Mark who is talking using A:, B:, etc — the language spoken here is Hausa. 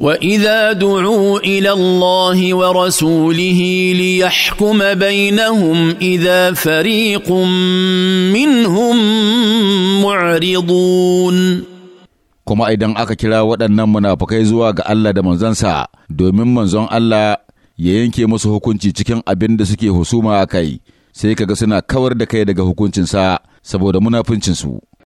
A: wa واذا دعوا الى الله ورسوله ليحكم بينهم اذا فريق منهم
B: معرضون
C: kuma idan aka kira waɗannan munafukai zuwa ga Allah da manzansa domin manzon Allah ya yanke musu hukunci cikin abin da suke husuma a kai sai kaga suna kawar da kai daga hukuncinsa saboda munafuncinsu.